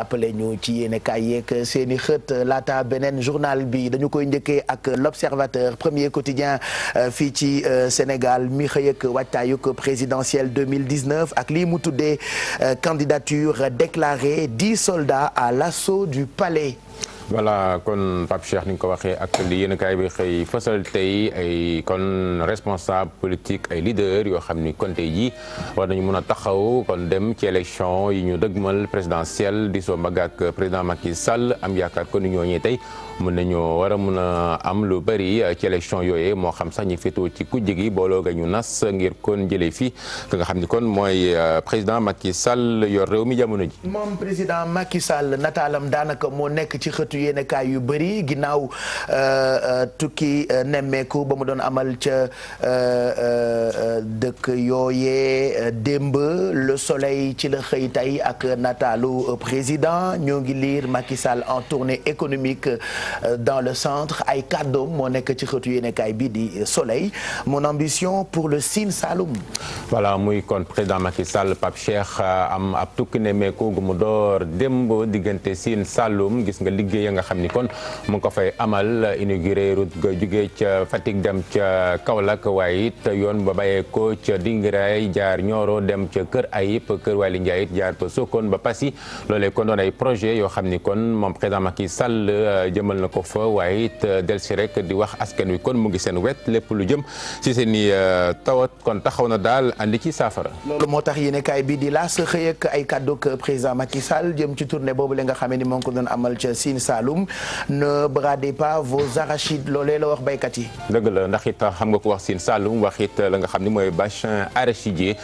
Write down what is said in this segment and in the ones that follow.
appelé ñu ci yéene kaay yeeg seeni xët laata beneen journal bi dañu koy njëkkee ak l'observateur premier quotidien euh, fii ci euh, Sénégal mi xëy ak waajtaayug présidentielle 2019 ak lii mu tuddee euh, candidature déclarée dix soldats à l'assaut du palais voilà kon Pape Cheikh ni nga ko waxee ak li yéen kaay bi xëy fësal tey ay kon responsable politique ay leader yoo xam ni kon tey jii war nañu mën a taxaw kon dem ci élection yi ñu dëgmal présidentielle di soo mag ak président Macky Sall am yaakaar kon ñooñee tey. mën nañoo war a mun a am lu bëri ci élection yooyee moo xam sax ñi féetoo ci kujje gi booloo ga ñu nas ngir kon jëlee fii nga xam ni kon mooy euh, président Macky Sall yor réew mi jamono ji. moom président Macky Sall nataalam daanaka moo nekk ci xëtu yéenekaay yu bëri ginnaaw euh, euh, tukki nemmeeku ba mu doon amal ca dëkk yooyee démb le soleil ci la xëy tey ak nataalu président ñoo ngi liir Macky Sall en tournée économique. dans le centre ay kàddoom moo nekk ci xëtu yéenekaay bi di Soleil mon ambition pour le Sine Saloum voilà muy kon président Macky Sall Pape Cheikh euh, am ab tukki ne meeku gu mu door démb diggante Sine Saloum gis nga liggéey ya nga xam ni kon mu ngi ko fay amal inauguré route ga jugee ca Fatick dem ca Kaolack waaye it yoon ba bàyyee ko ca Dingiraay jaar Nioro dem ca Kër Ayib Kër Waly Ndiaye jaar ba ba Passy loolee kon doon ay projet yoo xam ni kon moom président Macky Sall euh, jëmal amal ko fa waaye it euh, del si rek di wax askan wi kon mu ngi seen wet lépp lu jëm si seen i euh, tawat kon taxaw na daal andi ci saafara. loolu moo tax yéen kaay bi di laas xëy ak ay kaddu président Macky Sall jëm ci tournée boobu la nga xam ni moo ngi ko doon amal ca Sine Saloum ne bradez pas vos arachides loolee la wax baykat yi. dëgg la ndax it euh, xam nga ko wax Sine Saloum wax it la nga xam ni mooy bassin arachidier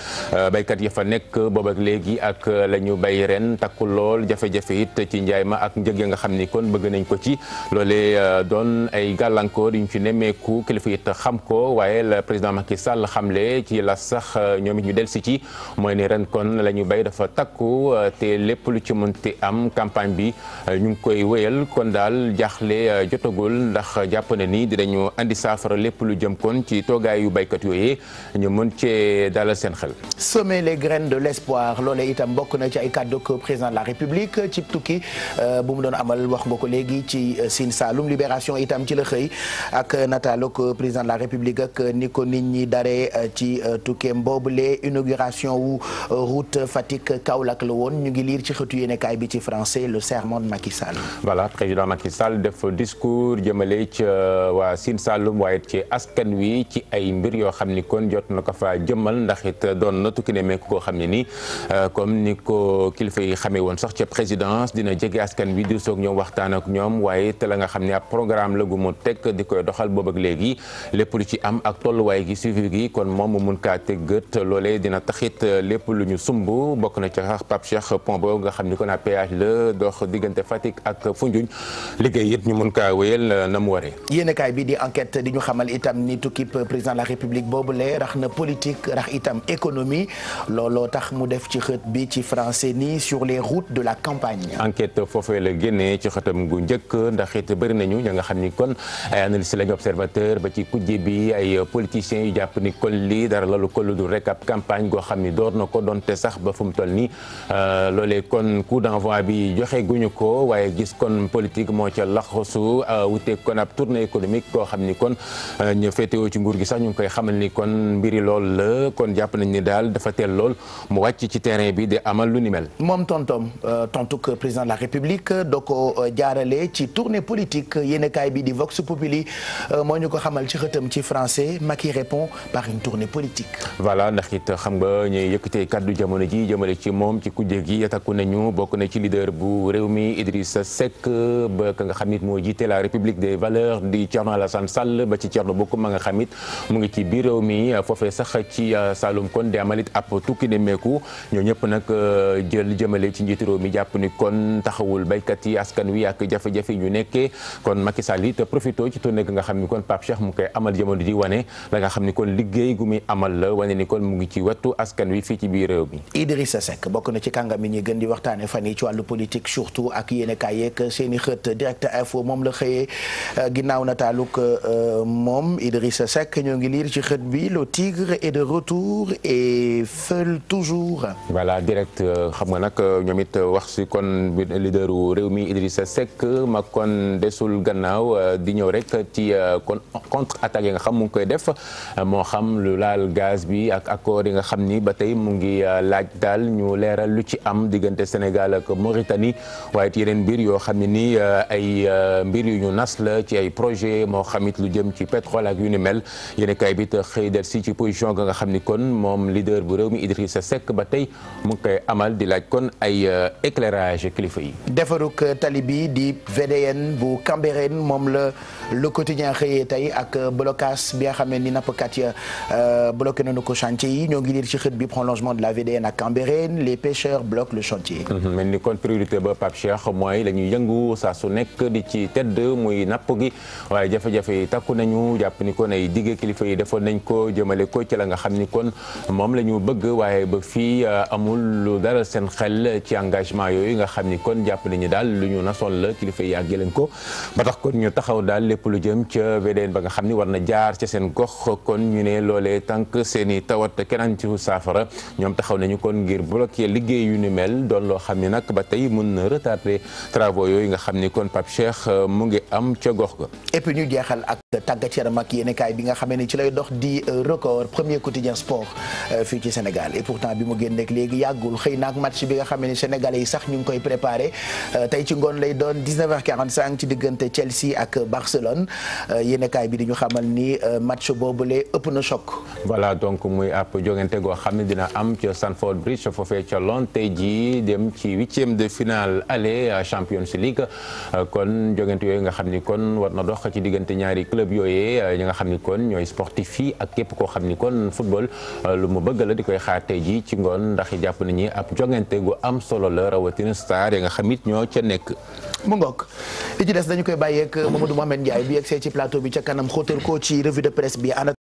baykat ya fa nekk boobu ak léegi ak la ñu bay ren takku lool jafe-jafe it ci njaay ma ak njëg ya nga xam ni kon bëgg nañ ko ci loolee euh, doon ay gàllankoor yu ñu ci nemmeeku kilifa it xam ko waaye la président Macky Sall le ci la sax euh, ñoom ñu dellu si ci mooy ne ren kon lañu ñu bay dafa takku euh, te lépp lu ci mënti am campagne bi ñu ngi koy wéyal kon daal jaaxle jotagul ndax jàpp na di dinañu indi saafara lépp lu jëm kon ci toogaayu baykat yooyu ñu mën cee dalal seen xel. semer les graines de l'espoir loolee itam bokk na ci ay kàddu président de la république ci tukki bu mu doon amal wax léegi ci. Sine Saloum libération itam ci la xëy ak nataalu président de la république ak ni nit ñi daree euh, ci euh, tukkeem boobule inauguration wu euh, route Fatick Kaolack la woon ñu ngi liir ci xëtu yéenekaay bi ci français le sermon de Macky Sall. voilà président Macky Sall def discours jëmale ci waa Sine Saloum waaye ci askan wi ci ay mbir yoo xam ni kon jot na ko fa jëmmal ndax it doon na tukki ne meek koo xam ne nii comme ni ko kilifa yi xamee woon sax ca présidence dina jege askan wi di soog ñoom tamit la nga xam ne ab programme la gu mu teg di koy doxal boobu ak léegi lépp lu ci am ak tolluwaay gi suivi gi kon moom mu mun kaa teg gët dina taxit lépp lu ñu sumb bokk na ci Pape Cheikh pont boobu nga xam ni kon a péage la dox diggante Fatick ak Foundiougne liggéey it ñu mun kaa wéyal na mu waree. yéenekaay bi di enquête di ñu xamal itam ni tukki président de la République boobu rax na politique rax itam économie looloo tax mu def ci xët bi ci français ni sur les routes de la campagne. enquête foofee la génnee ci xëtam gu ndax it bëri nañu ña nga xam ni kon ay analyste lañu observateur ba ci kujje bi ay politiciens yu jàpp ni kon dara lalu ko lu rek ab campagne goo xam ni door na ko donte sax ba fu mu toll nii euh, loolee kon coup d'envoi bi joxe guñu ko waaye gis kon politique moo ca laxasu euh, wute kon ab tournée économique koo xam ni kon euh, ñu féetewoo ci nguur gi sax ñu ngi koy xamal ni kon mbiri lool kon jàpp nañ ni daal dafa teel lool mu wàcc ci terrain bi di amal lu ni mel. tournée politique yéenekaay bi di Vox Populi euh, moo ñu ko xamal ci xëtam ci français Macky répond par une tournée politique. voilà ndax it xam nga ñuy yëkkatee kàddu jamono ji jëmale ci moom ci kujje gi attaku nañu bokk na ci leader bu réew mi Idrissa Seck ba ka nga xam it moo jiite la République des valeurs di Thierno Alassane Sall ba ci Thierno Bocoum ma nga xam it mu ngi ci biir réew mi foofee sax ci euh, salum kon di amalit ab tukki ne meeku ñoo ñëpp nag euh, jël jëmale ci njiitu réew mi jàpp ni taxawul baykat yi nekkee kon Macky Sall yi te profito ci tournée gi nga xam ni kon Pape Cheikh mu koy amal jamono ji wane la nga xam ni kon liggéey gu muy amal la wane ni kon mu ngi ci wettu askan wi fii ci biir réew mi. Idrissa Seck bokk na ci kàngam yi ñuy gën di waxtaane fan yi ci wàllu politique surtout ak yéen kaay yeeg seen i xët direct info moom la xëyee euh, ginnaaw nataaluk euh, moom Idrissa sek ñoo ngi liir ci xët bi le tigre est de retour et feul toujours. direct euh, xam nga nag ñoom it wax si kon leaderu réew mi Idrissa Seck kenn desul gannaaw euh, di ñëw rek ci euh, kon contre attaque yi nga xam mu ngi koy def euh, moo xam lu laal gaz bi ak accord yi nga xam ni ba tey mu ngi laaj daal ñu leeral lu ci am diggante Sénégal ak Mauritanie waaye it yeneen mbir yoo xam ne ni ay mbir yu ñu nas la ci ay projet moo xamit lu jëm ci petrol ak yu ni mel yéen kay bit xëy del si ci position nga xam ni kon moom leader bu réew mi Idrissa Seck ba tey mu ngi koy amal di laaj kon ay éclairage kilifa yi defaruk tali di VDN Sène bu Cambérène moom la le quotidien xëyee tey ak blocage bi nga xam ne ni nappkat ya na euh, nañu ko chantier yi ñoo ngi liir ci xët bi prolongement de la VDN ak Cambérène les pêcheurs bloquent le chantier. mel ni kon priorité ba Pape Cheikh mooy la ñuy yëngu su nekk di ci tedd muy napp gi waaye jafe-jafe yi takku nañu jàpp ni kon ay digg kilifa yi defoon nañ ko jëmale ko ci la nga xam ni kon moom la ñu bëgg waaye ba fi euh, amul lu dara seen xel ci engagement yooyu ko ba tax kon ñu taxaw daal lépp lu jëm ca VDN ba nga xam ni war na jaar ca seen gox kon ñu ne loolee tànk seen i tawat kenaan ci saafara ñoom taxaw nañu kon ngir bloquer liggéey yu ni mel doon loo xam ni nag ba tey mun na retarder travaux yooyu nga xam ni kon Pape Cheikh euh, mu ngi am ca gox ga. et ñu jeexal ak tàggat yaram ak yéenekaay bi nga xamee ni ci lay dox di euh, record premier quotidien sport euh, fii ci Sénégal et pourtant bi mu génneeg léegi yàggul xëy naak match bi nga xamee ni sénégalais sax ñu ngi koy préparé euh, tey ci ngoon lay doon ci diggante Chelsea ak Barcelone yéenekaay bi di ñu xamal ni match boobule ëpp na choc. voilà donc muy ab jongante goo xam ne dina am ca Stamford Bridge foofee ca Londres tey jii dem ci huitième de finale aller Champions League kon jongante yooyu club yooyee euh, ñi nga xam ni kon ñooy sportif yi ak képp koo xam ni kon football euh, lu mu bëgg la di koy xaar tey ji ci ngoon ndax jàpp nañu ab jongante gu am solo la rawatina star ya nga xam ñoo ca nekk. mu ngoog li ci des dañu koy bàyyeeg Mamadou Mohamed Ndiaye bi yegsee ci plateau bi ca kanam xóotal ko ci revue de presse bi